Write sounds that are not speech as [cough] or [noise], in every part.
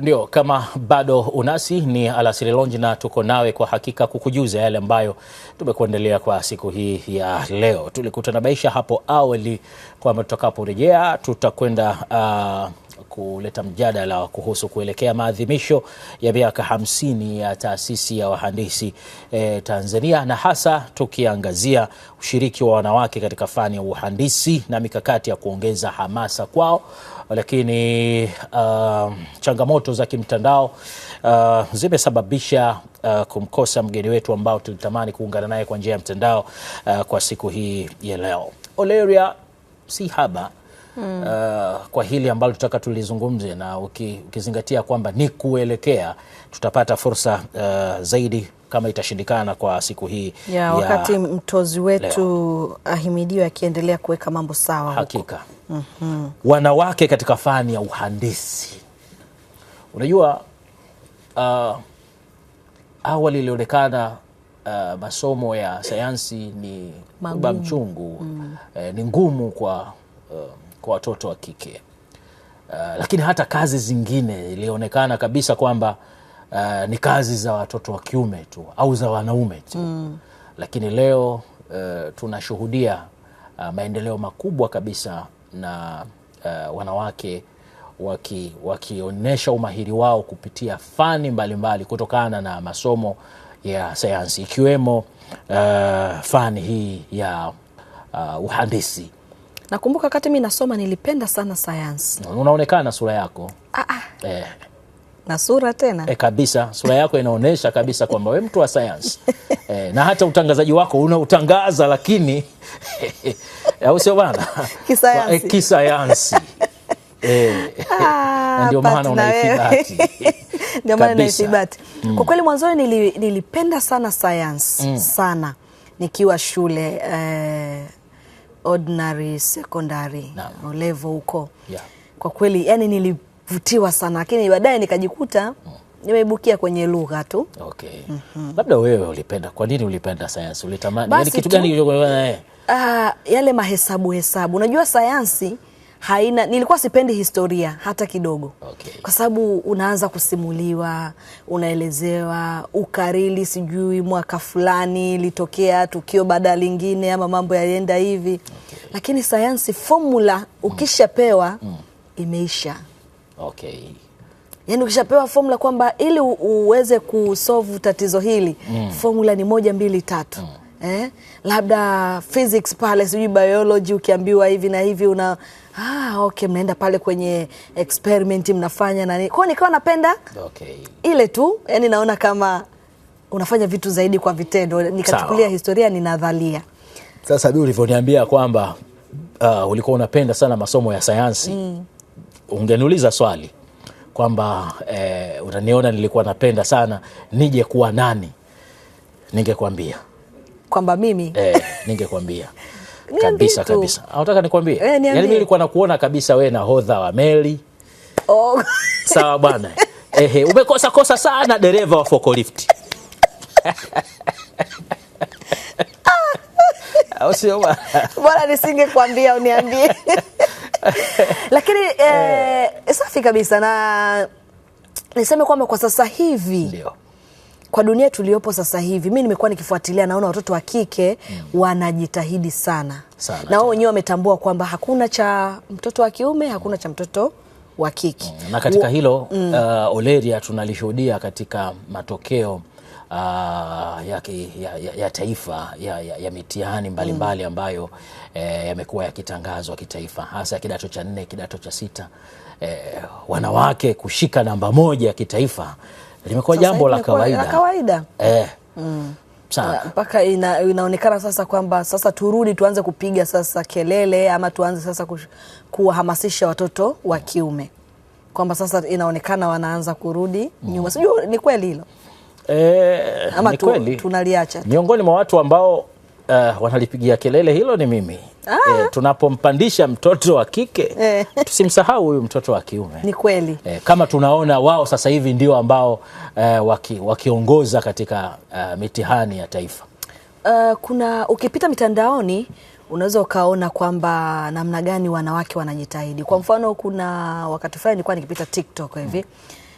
Ndio, kama bado unasi ni Alasiri Lonji na tuko nawe kwa hakika kukujuza yale ambayo tumekuendelea kwa siku hii ya leo. Tulikutanabaisha hapo awali kwamba tutakaporejea tutakwenda uh, kuleta mjadala kuhusu kuelekea maadhimisho ya miaka hamsini ya taasisi ya wahandisi eh, Tanzania na hasa tukiangazia ushiriki wa wanawake katika fani ya uhandisi na mikakati ya kuongeza hamasa kwao lakini uh, changamoto za kimtandao uh, zimesababisha uh, kumkosa mgeni wetu ambao tulitamani kuungana naye kwa njia ya mtandao uh, kwa siku hii ya leo. Oleria si haba Mm. uh, kwa hili ambalo tutaka tulizungumze, na ukizingatia kwamba ni kuelekea, tutapata fursa uh, zaidi kama itashindikana kwa siku hii ya, ya wakati mtozi wetu Ahimidiwe akiendelea kuweka mambo sawa hakika mm -hmm. Wanawake katika fani ya uhandisi, unajua uh, awali ilionekana uh, masomo ya sayansi ni baba mchungu mm. eh, ni ngumu kwa uh, kwa watoto wa kike uh, lakini hata kazi zingine ilionekana kabisa kwamba uh, ni kazi za watoto wa kiume tu au za wanaume tu mm. Lakini leo uh, tunashuhudia uh, maendeleo makubwa kabisa na uh, wanawake wakionyesha waki umahiri wao kupitia fani mbalimbali mbali, kutokana na masomo ya sayansi ikiwemo uh, fani hii ya uh, uhandisi Nakumbuka wakati mi nasoma nilipenda sana sayansi. Unaonekana na sura yako ah, ah. Eh. Na sura tena eh, kabisa sura yako inaonyesha kabisa kwamba we mtu wa sayansi [laughs] eh, na hata utangazaji wako unautangaza lakini [laughs] au sio bana? Kisayansi, Eh, [laughs] eh. Ah, ndio maana naithibati mm. Kwa kweli mwanzoni nilipenda sana sayansi mm. sana nikiwa shule eh, ordinary secondary no. level huko yeah. Kwa kweli yani nilivutiwa sana, lakini baadaye nikajikuta mm. nimeibukia kwenye lugha tu okay. mm -hmm. Labda wewe ulipenda, kwa nini ulipenda sayansi? Ulitamani yani kitu gani? Uh, yale mahesabu hesabu, unajua sayansi haina nilikuwa sipendi historia hata kidogo okay. Kwa sababu unaanza kusimuliwa, unaelezewa ukarili, sijui mwaka fulani litokea tukio baada ya lingine, ama mambo yaenda hivi okay. Lakini sayansi fomula ukishapewa mm. mm. imeisha okay. Yani ukishapewa fomula kwamba ili uweze kusovu tatizo hili mm. fomula ni moja mbili tatu mm. eh? labda physics pale sijui biology ukiambiwa hivi na hivi una Ah, okay, mnaenda pale kwenye experiment mnafanya nini. Kwa hiyo nikawa napenda okay, ile tu yani, naona kama unafanya vitu zaidi kwa vitendo, nikachukulia historia ni Sasa bi ulivyoniambia kwamba uh, ulikuwa unapenda sana masomo ya sayansi mm. Ungeniuliza swali kwamba eh, unaniona nilikuwa napenda sana nije kuwa nani, ningekwambia kwamba mimi eh, ningekwambia [laughs] kabisa kabisa. Ah, unataka nikwambie? E, yaani mimi nilikuwa nakuona kabisa wewe hodha wa meli. Oh. Sawa bwana. Ehe, umekosa kosa sana dereva wa forklift. Ah. Au sio bwana? Nisingekwambia uniambie. [laughs] Lakini eh, eh, safi kabisa na niseme kwamba kwa sasa hivi ndio kwa dunia tuliyopo sasa hivi, mi nimekuwa nikifuatilia, naona watoto wa kike mm. wanajitahidi sana, sana na wao wenyewe wametambua kwamba hakuna cha mtoto wa kiume, hakuna cha mtoto wa kike mm. na katika hilo mm. uh, Oleria tunalishuhudia katika matokeo Uh, ya, ya, ya, ya taifa ya, ya, ya mitihani mbalimbali mm. ambayo eh, yamekuwa yakitangazwa kitaifa hasa ya kidato cha nne, kidato cha sita eh, wanawake kushika namba moja ya kitaifa limekuwa jambo la kawaida, la kawaida. Eh. Mm. Ah, mpaka ina, inaonekana sasa kwamba sasa turudi tuanze kupiga sasa kelele ama tuanze sasa kuwahamasisha watoto wa kiume kwamba sasa inaonekana wanaanza kurudi mm. nyuma. Sijui ni kweli hilo eh, ama tu, tunaliacha miongoni mwa watu ambao uh, wanalipigia kelele hilo ni mimi e, tunapompandisha mtoto wa kike eh. tusimsahau huyu mtoto wa kiume. Ni kweli e, kama tunaona wao sasa hivi ndio ambao uh, waki, wakiongoza katika uh, mitihani ya taifa uh, kuna ukipita mitandaoni unaweza ukaona kwamba namna gani wanawake wanajitahidi. Kwa mfano, kuna wakati fulani nilikuwa nikipita TikTok hivi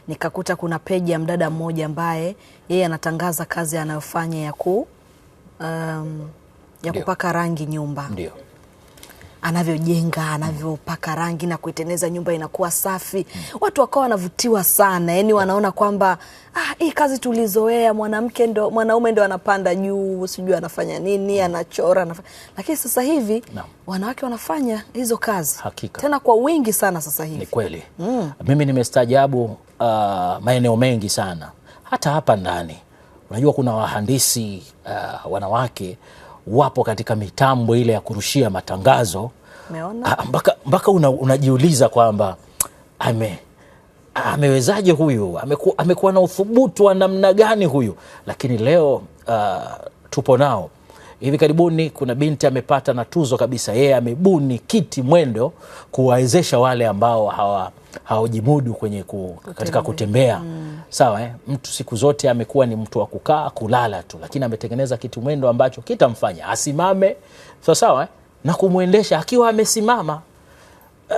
nikakuta kuna peji ya mdada mmoja ambaye yeye anatangaza kazi anayofanya ya ku um, ya kupaka rangi nyumba ndio anavyojenga anavyopaka rangi na kuiteneza nyumba inakuwa safi mm. Watu wakawa wanavutiwa sana, yani wanaona kwamba ah, hii kazi tulizoea, mwanamke ndo mwanaume ndo anapanda juu, sijui anafanya nini, hmm. anachora anaf... Lakini sasa hivi no. wanawake wanafanya hizo kazi Hakika. tena kwa wingi sana sasa hivi. Ni kweli mm. Mimi nimestaajabu uh, maeneo mengi sana hata hapa ndani Unajua kuna wahandisi uh, wanawake wapo katika mitambo ile ya kurushia matangazo ah, mpaka mpaka una, unajiuliza kwamba ame amewezaje huyu, amekuwa na uthubutu wa namna gani huyu? Lakini leo uh, tupo nao Hivi karibuni kuna binti amepata na tuzo kabisa, yeye amebuni kiti mwendo kuwawezesha wale ambao hawa haojimudu kwenye ku, katika kutembea mm. Sawa eh? Mtu siku zote amekuwa ni mtu wa kukaa kulala tu, lakini ametengeneza kitu mwendo ambacho kitamfanya asimame sawa sawa eh? na kumwendesha akiwa amesimama. Uh,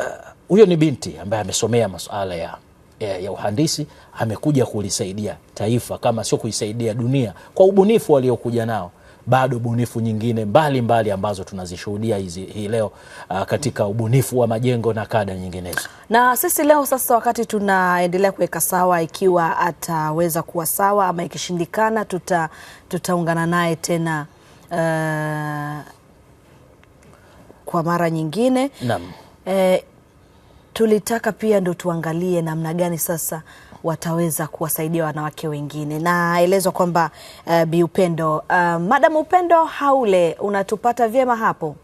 huyo uh, ni binti ambaye amesomea masuala ya, ya, ya uhandisi, amekuja kulisaidia taifa kama sio kuisaidia dunia kwa ubunifu waliokuja nao bado bunifu nyingine mbalimbali mbali ambazo tunazishuhudia hizi hii leo uh, katika ubunifu wa majengo na kada nyinginezo. Na sisi leo sasa, wakati tunaendelea kuweka sawa, ikiwa ataweza kuwa sawa ama ikishindikana, tuta tutaungana naye tena uh, kwa mara nyingine. Naam. Eh, tulitaka pia ndo tuangalie namna gani sasa wataweza kuwasaidia wanawake wengine. Naelezwa kwamba uh, Bi Upendo uh, Madam Upendo Haule, unatupata vyema hapo?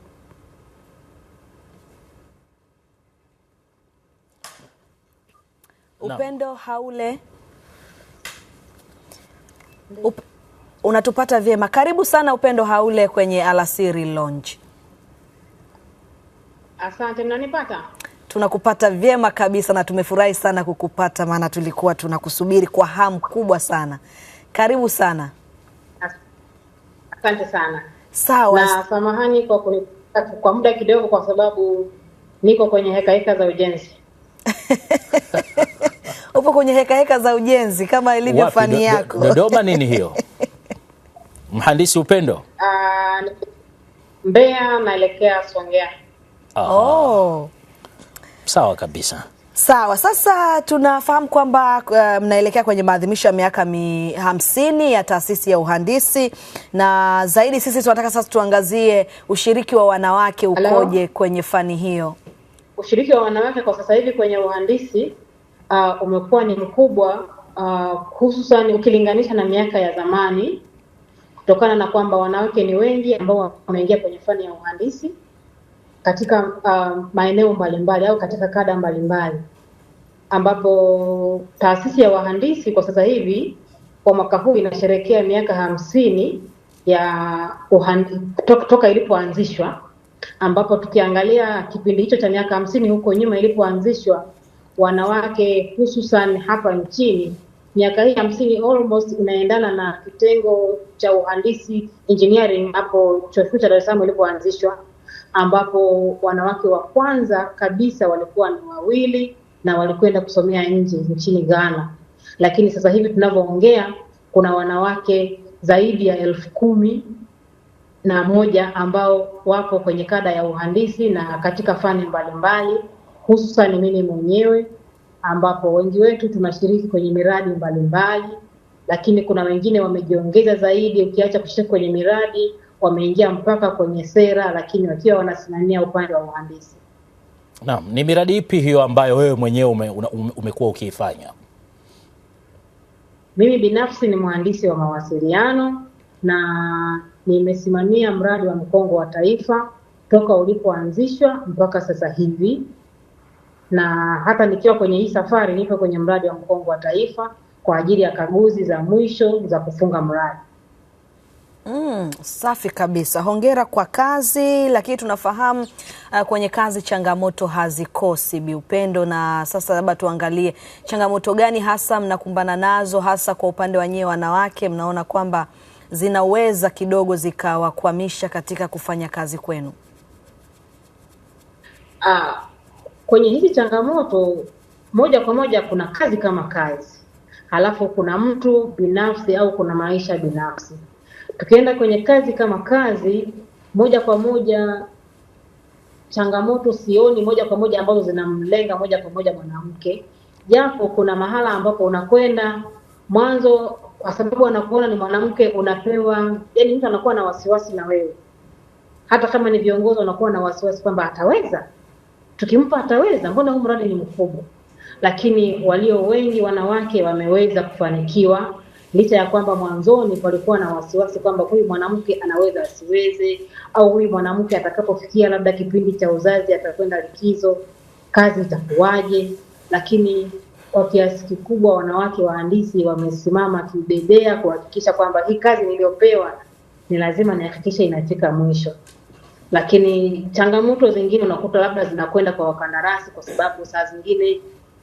Upendo Haule Up, unatupata vyema? Karibu sana Upendo Haule kwenye Alasiri Lounge. Asante, mnanipata? tunakupata vyema kabisa na tumefurahi sana kukupata, maana tulikuwa tunakusubiri kwa hamu kubwa sana. Karibu sana. Asante sana. Sawa, na samahani kwa kwa muda kidogo, kwa sababu niko kwenye hekaheka za ujenzi. [laughs] Upo kwenye hekaheka za ujenzi kama ilivyo fani yako. Dodoma nini hiyo? [laughs] Mhandisi Upendo? Uh, Mbeya naelekea Songea. Oh. Sawa kabisa. Sawa, sasa tunafahamu kwamba uh, mnaelekea kwenye maadhimisho ya miaka mi, hamsini ya taasisi ya uhandisi na zaidi, sisi tunataka sasa tuangazie ushiriki wa wanawake ukoje? Hello? kwenye fani hiyo ushiriki wa wanawake kwa sasa hivi kwenye uhandisi uh, umekuwa ni mkubwa uh, hususan ukilinganisha na miaka ya zamani, kutokana na kwamba wanawake ni wengi ambao wameingia kwenye fani ya uhandisi katika uh, maeneo mbalimbali au katika kada mbalimbali, ambapo taasisi ya wahandisi kwa sasa hivi kwa mwaka huu inasherehekea miaka hamsini ya uhandi, to, toka ilipoanzishwa, ambapo tukiangalia kipindi hicho cha miaka hamsini huko nyuma ilipoanzishwa, wanawake hususan hapa nchini miaka hii hamsini almost inaendana na kitengo cha uhandisi engineering hapo chuo kikuu cha Dar es Salaam ilipoanzishwa ambapo wanawake wa kwanza kabisa walikuwa ni wawili na walikwenda kusomea nje nchini Ghana, lakini sasa hivi tunavyoongea kuna wanawake zaidi ya elfu kumi na moja ambao wapo kwenye kada ya uhandisi na katika fani mbalimbali, hususan mimi mwenyewe, ambapo wengi wetu tunashiriki kwenye miradi mbalimbali mbali, lakini kuna wengine wamejiongeza zaidi, ukiacha kushiriki kwenye miradi wameingia mpaka kwenye sera, lakini wakiwa wanasimamia upande wa uhandisi. Naam, ni miradi ipi hiyo ambayo wewe mwenyewe ume, ume, umekuwa ukiifanya? Mimi binafsi ni mhandisi wa mawasiliano na nimesimamia mradi wa mkongo wa taifa toka ulipoanzishwa mpaka sasa hivi, na hata nikiwa kwenye hii safari nipo kwenye mradi wa mkongo wa taifa kwa ajili ya kaguzi za mwisho za kufunga mradi. Mm, safi kabisa. Hongera kwa kazi, lakini tunafahamu uh, kwenye kazi changamoto hazikosi Bi Upendo, na sasa labda tuangalie changamoto gani hasa mnakumbana nazo, hasa kwa upande wa nyie wanawake, mnaona kwamba zinaweza kidogo zikawakwamisha katika kufanya kazi kwenu? Ah, kwenye hizi changamoto moja kwa moja kuna kazi kama kazi, halafu kuna mtu binafsi au kuna maisha binafsi Tukienda kwenye kazi kama kazi, moja kwa moja changamoto sioni moja kwa moja ambazo zinamlenga moja kwa moja mwanamke, japo kuna mahala ambapo unakwenda mwanzo, kwa sababu anakuona ni mwanamke, unapewa yani, mtu anakuwa na wasiwasi na wewe, hata kama ni viongozi wanakuwa na wasiwasi kwamba ataweza, tukimpa ataweza, mbona huu mradi ni mkubwa. Lakini walio wengi wanawake wameweza kufanikiwa licha ya kwamba mwanzoni palikuwa na wasiwasi kwamba huyu mwanamke anaweza asiweze, au huyu mwanamke atakapofikia labda kipindi cha uzazi atakwenda likizo, kazi itakuwaje? Lakini kwa kiasi kikubwa wanawake wahandisi wamesimama kibebea kuhakikisha kwamba hii kazi niliyopewa ni lazima nihakikishe inafika mwisho. Lakini changamoto zingine unakuta labda zinakwenda kwa wakandarasi, kwa sababu saa zingine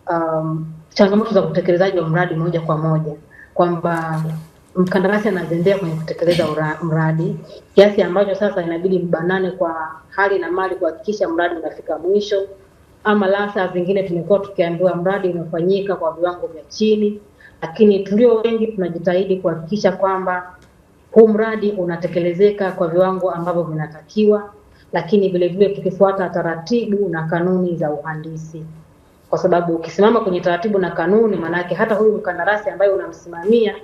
um, changamoto za utekelezaji wa mradi moja kwa moja kwamba mkandarasi anazembea kwenye kutekeleza mradi kiasi ambacho sasa inabidi mbanane kwa hali na mali kuhakikisha mradi unafika mwisho, ama la saa zingine tumekuwa tukiambiwa mradi umefanyika kwa viwango vya chini, lakini tulio wengi tunajitahidi kuhakikisha kwamba huu mradi unatekelezeka kwa viwango ambavyo vinatakiwa, lakini vilevile tukifuata taratibu na kanuni za uhandisi kwa sababu ukisimama kwenye taratibu na kanuni, maanake hata huyu mkandarasi ambaye unamsimamia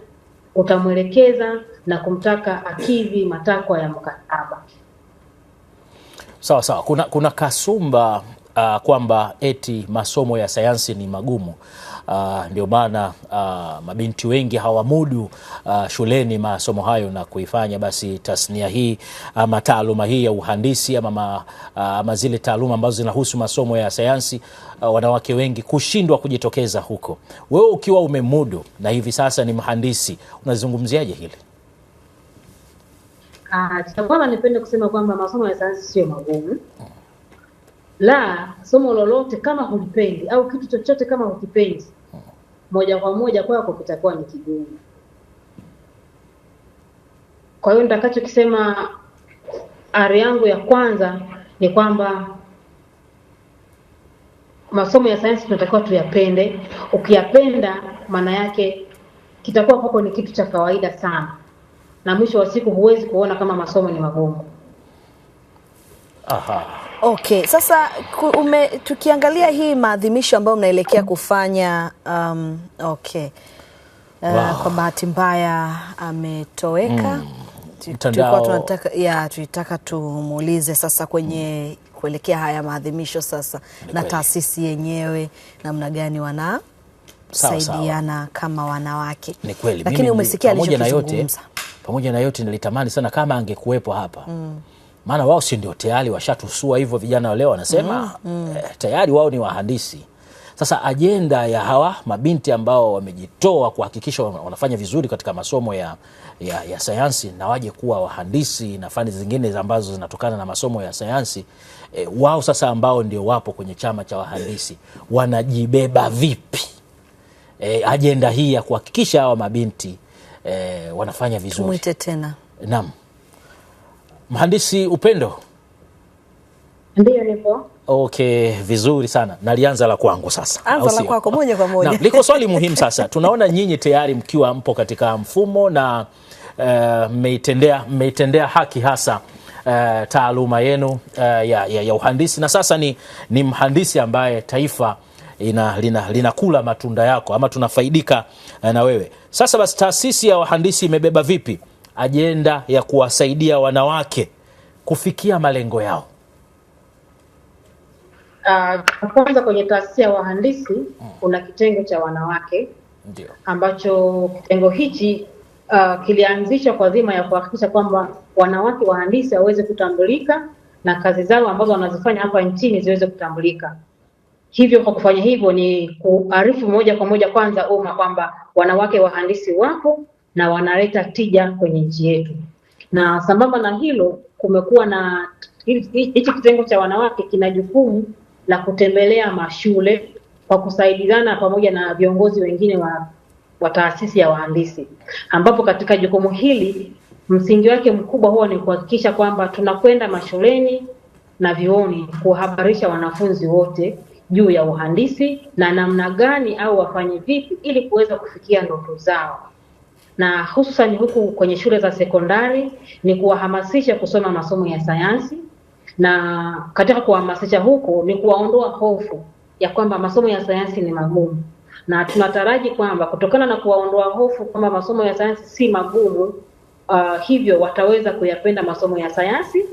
utamwelekeza na kumtaka akidhi matakwa ya mkataba. Sawa sawa. Kuna, kuna kasumba uh, kwamba eti masomo ya sayansi ni magumu. Ah, ndio maana ah, mabinti wengi hawamudu ah, shuleni masomo hayo na kuifanya basi tasnia hii ama taaluma hii ya uhandisi ama, ma, ama zile taaluma ambazo zinahusu masomo ya sayansi wanawake wengi kushindwa kujitokeza huko. Wewe ukiwa umemudu na hivi sasa ni mhandisi, unazungumziaje hili? Cha kwanza nipende kusema kwamba masomo ya sayansi sio magumu, la somo lolote kama hulipendi au kitu chochote kama hukipendi, moja kwa moja kwako kitakuwa ni kigumu. Kwa hiyo nitakachokisema ari yangu ya kwanza ni kwamba masomo ya sayansi tunatakiwa tuyapende. Ukiyapenda maana yake kitakuwa kwako ni kitu cha kawaida sana, na mwisho wa siku huwezi kuona kama masomo ni magumu. Aha. Okay, sasa ume, tukiangalia hii maadhimisho ambayo mnaelekea kufanya um, okay. Uh, wow. Kwa bahati mbaya ametoweka mm. tunataka ya tulitaka tumuulize sasa kwenye mm. kuelekea haya maadhimisho sasa Mkweli. Na taasisi yenyewe namna gani wanasaidiana kama wanawake ni kweli, lakini umesikia alichokizungumza. Pamoja na yote nilitamani sana kama angekuwepo hapa mm maana wao si ndio tayari washatusua hivyo, vijana waleo leo wanasema mm, mm. Eh, tayari wao ni wahandisi. Sasa ajenda ya hawa mabinti ambao wamejitoa kuhakikisha wanafanya vizuri katika masomo ya, ya, ya sayansi na waje kuwa wahandisi na fani zingine ambazo zinatokana na masomo ya sayansi e, wao sasa ambao ndio wapo kwenye chama cha wahandisi wanajibeba vipi e, ajenda hii ya kuhakikisha hawa mabinti e, wanafanya vizuri? tena. Naam. Mhandisi Upendo, ndio nipo. Okay, vizuri sana. Nalianza la kwangu sasa. Anza la kwako moja kwa moja. Na [laughs] liko swali muhimu sasa. Tunaona nyinyi tayari mkiwa mpo katika mfumo na eh, mmeitendea uh, mmeitendea haki hasa uh, taaluma yenu uh, ya, ya, ya uhandisi na sasa ni, ni mhandisi ambaye taifa ina, lina, linakula matunda yako ama tunafaidika na wewe. Sasa basi taasisi ya wahandisi imebeba vipi ajenda ya kuwasaidia wanawake kufikia malengo yao? Uh, kwanza kwenye taasisi ya wahandisi mm. kuna kitengo cha wanawake Ndiyo. ambacho kitengo hichi uh, kilianzishwa kwa dhima ya kuhakikisha kwamba wanawake wahandisi waweze kutambulika na kazi zao ambazo wanazifanya hapa nchini ziweze kutambulika. Hivyo kwa kufanya hivyo ni kuarifu moja kwa moja kwanza umma kwamba wanawake wahandisi wapo na wanaleta tija kwenye nchi yetu. Na sambamba na hilo, kumekuwa na hichi kitengo cha wanawake kina jukumu la kutembelea mashule kwa kusaidizana pamoja na viongozi wengine wa, wa taasisi ya wahandisi, ambapo katika jukumu hili msingi wake mkubwa huwa ni kuhakikisha kwamba tunakwenda mashuleni na vioni kuwahabarisha wanafunzi wote juu ya uhandisi na namna gani au wafanye vipi ili kuweza kufikia ndoto zao na hususan huku kwenye shule za sekondari ni kuwahamasisha kusoma masomo ya sayansi, na katika kuwahamasisha huku ni kuwaondoa hofu ya kwamba masomo ya sayansi ni magumu, na tunataraji kwamba kutokana na kuwaondoa hofu kwamba masomo ya sayansi si magumu, uh, hivyo wataweza kuyapenda masomo ya sayansi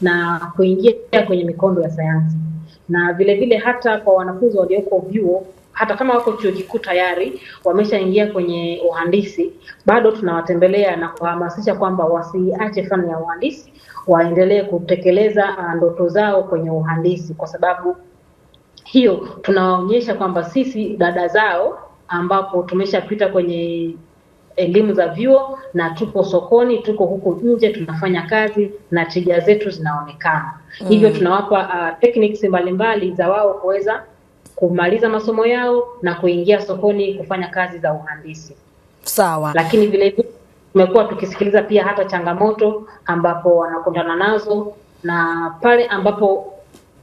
na kuingia kwenye mikondo ya sayansi na vilevile hata kwa wanafunzi walioko vyuo hata kama wako chuo kikuu tayari wameshaingia kwenye uhandisi, bado tunawatembelea na kuhamasisha kwamba wasiache fani ya uhandisi, waendelee kutekeleza ah, ndoto zao kwenye uhandisi, kwa sababu hiyo tunawaonyesha kwamba sisi dada zao ambapo tumeshapita kwenye elimu za vyuo na tupo sokoni, tuko huku nje tunafanya kazi na tija zetu zinaonekana. Mm. Hivyo tunawapa uh, techniques mbalimbali za wao kuweza kumaliza masomo yao na kuingia sokoni kufanya kazi za uhandisi. Sawa. Lakini vile vile tumekuwa tukisikiliza pia hata changamoto ambapo wanakutana nazo na pale ambapo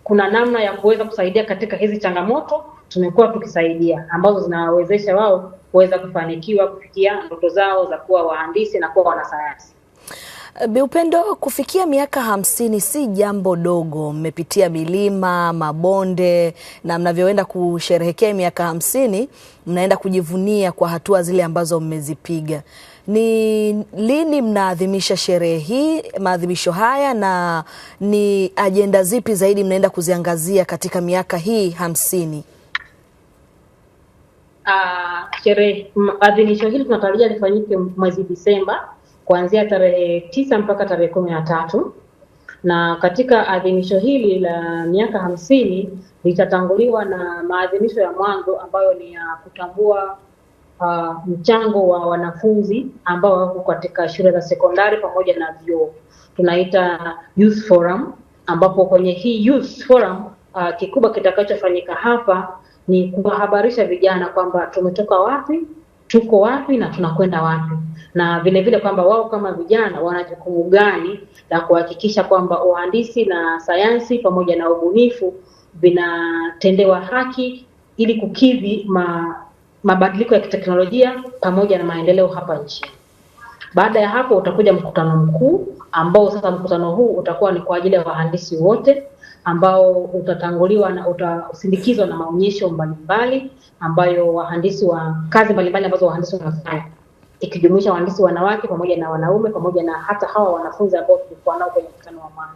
kuna namna ya kuweza kusaidia katika hizi changamoto tumekuwa tukisaidia, ambazo zinawawezesha wao kuweza kufanikiwa kufikia ndoto zao za kuwa wahandisi na kuwa wanasayansi. Bi Upendo, kufikia miaka hamsini si jambo dogo. Mmepitia milima, mabonde na mnavyoenda kusherehekea miaka hamsini mnaenda kujivunia kwa hatua zile ambazo mmezipiga. Ni lini mnaadhimisha sherehe hii, maadhimisho haya, na ni ajenda zipi zaidi mnaenda kuziangazia katika miaka hii hamsini? Uh, sherehe maadhimisho hili tunatarajia lifanyike mwezi Disemba kuanzia tarehe tisa mpaka tarehe kumi na tatu na katika adhimisho hili la miaka hamsini litatanguliwa na maadhimisho ya mwanzo ambayo ni ya kutambua uh, mchango wa wanafunzi ambao wako katika shule za sekondari pamoja na vyuo, tunaita youth forum, ambapo kwenye hii youth forum uh, kikubwa kitakachofanyika hapa ni kuwahabarisha vijana kwamba tumetoka wapi tuko wapi na tunakwenda wapi, na vilevile kwamba wao kama vijana wana jukumu gani la kuhakikisha kwamba uhandisi na sayansi pamoja na ubunifu vinatendewa haki ili kukidhi ma, mabadiliko ya kiteknolojia pamoja na maendeleo hapa nchini. Baada ya hapo utakuja mkutano mkuu ambao sasa mkutano huu utakuwa ni kwa ajili ya wahandisi wote ambao utatanguliwa na utasindikizwa na maonyesho mbalimbali ambayo wahandisi wa kazi mbalimbali ambazo wahandisi wanafanya ikijumuisha wahandisi wanawake pamoja na wanaume pamoja na hata hawa wanafunzi ambao tulikuwa nao kwenye mkutano wa mwanzo.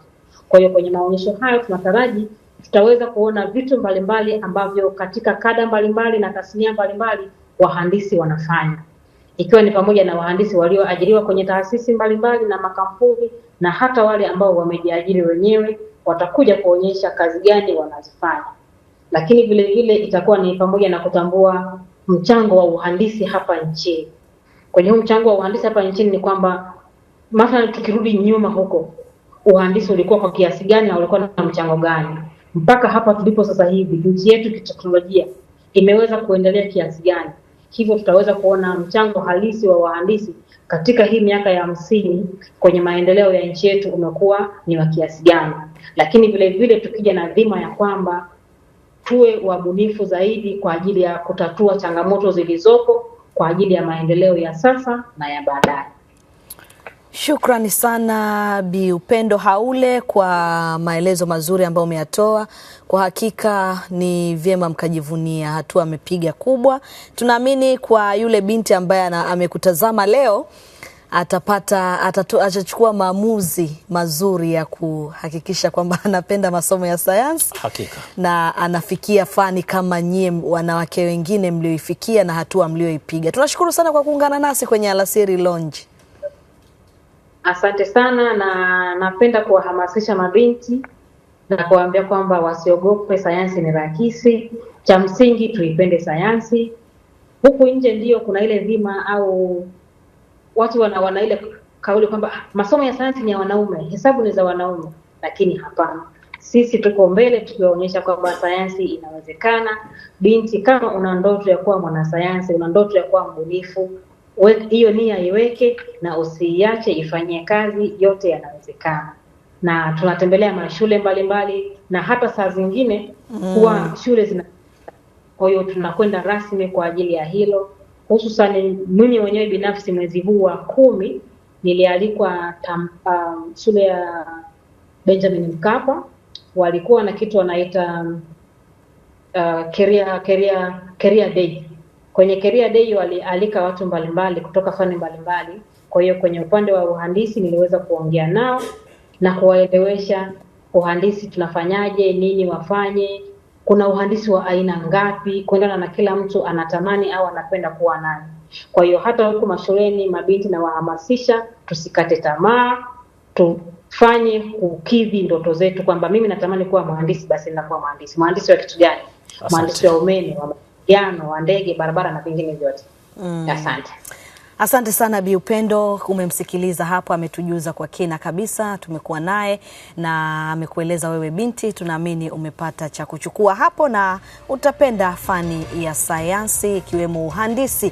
Kwa hiyo kwenye maonyesho hayo tunataraji tutaweza kuona vitu mbalimbali ambavyo katika kada mbalimbali na tasnia mbalimbali wahandisi wanafanya ikiwa ni pamoja na wahandisi walioajiriwa kwenye taasisi mbalimbali na makampuni na hata wale ambao wamejiajiri wenyewe watakuja kuonyesha kazi gani wanazifanya. Lakini vile vile itakuwa ni pamoja na kutambua mchango wa uhandisi hapa nchini. Kwenye huu mchango wa uhandisi hapa nchini ni kwamba mathalan, tukirudi nyuma huko, uhandisi ulikuwa kwa kiasi gani na ulikuwa na mchango gani mpaka hapa tulipo sasa hivi, nchi yetu kiteknolojia imeweza kuendelea kiasi gani? Hivyo tutaweza kuona mchango halisi wa wahandisi katika hii miaka ya hamsini kwenye maendeleo ya nchi yetu umekuwa ni wa kiasi gani. Lakini vile vile tukija na dhima ya kwamba tuwe wabunifu zaidi kwa ajili ya kutatua changamoto zilizopo kwa ajili ya maendeleo ya sasa na ya baadaye. Shukrani sana Bi Upendo Haule kwa maelezo mazuri ambayo umeyatoa. Kwa hakika ni vyema mkajivunia hatua amepiga kubwa. Tunaamini kwa yule binti ambaye amekutazama leo atapata atatu, atachukua maamuzi mazuri ya kuhakikisha kwamba [laughs] anapenda masomo ya sayansi na anafikia fani kama nyie wanawake wengine mlioifikia na hatua mlioipiga. Tunashukuru sana kwa kuungana nasi kwenye Alasiri Lounge. Asante sana, na napenda kuwahamasisha mabinti na kuwaambia kwamba wasiogope, sayansi ni rahisi. Cha msingi tuipende sayansi. Huku nje ndiyo kuna ile dhima au watu wana, wana ile kauli kwamba ah, masomo ya sayansi ni ya wanaume, hesabu ni za wanaume, lakini hapana. Sisi tuko mbele tukiwaonyesha kwamba sayansi inawezekana. Binti, kama una ndoto ya kuwa mwanasayansi, una ndoto ya kuwa mbunifu, hiyo nia iweke na usiiache, ifanyie kazi. Yote yanawezekana, na tunatembelea mashule mbalimbali mbali, na hata saa zingine mm. huwa mm. shule zina, kwa hiyo tunakwenda rasmi kwa ajili ya hilo, hususan mimi mwenyewe binafsi mwezi huu wa kumi nilialikwa um, shule ya Benjamin Mkapa walikuwa na kitu wanaita um, uh, career, career, career day Kwenye Career Day walialika watu mbalimbali kutoka fani mbalimbali. Kwa hiyo kwenye upande wa uhandisi niliweza kuongea nao na kuwaelewesha uhandisi tunafanyaje, nini wafanye, kuna uhandisi wa aina ngapi, kuendana na kila mtu anatamani au anapenda kuwa nani Kwa hiyo hata huku mashuleni mabinti nawahamasisha tusikate tamaa, tufanye kukidhi ndoto zetu, kwamba mimi natamani kuwa mhandisi, basi ninakuwa mhandisi. Mhandisi wa kitu gani? Mhandisi wa umeme wa ushirikiano wa ndege, barabara na vingine vyote mm. Asante. Asante sana Bi Upendo, umemsikiliza hapo, ametujuza kwa kina kabisa, tumekuwa naye na amekueleza wewe binti, tunaamini umepata cha kuchukua hapo na utapenda fani ya sayansi ikiwemo uhandisi.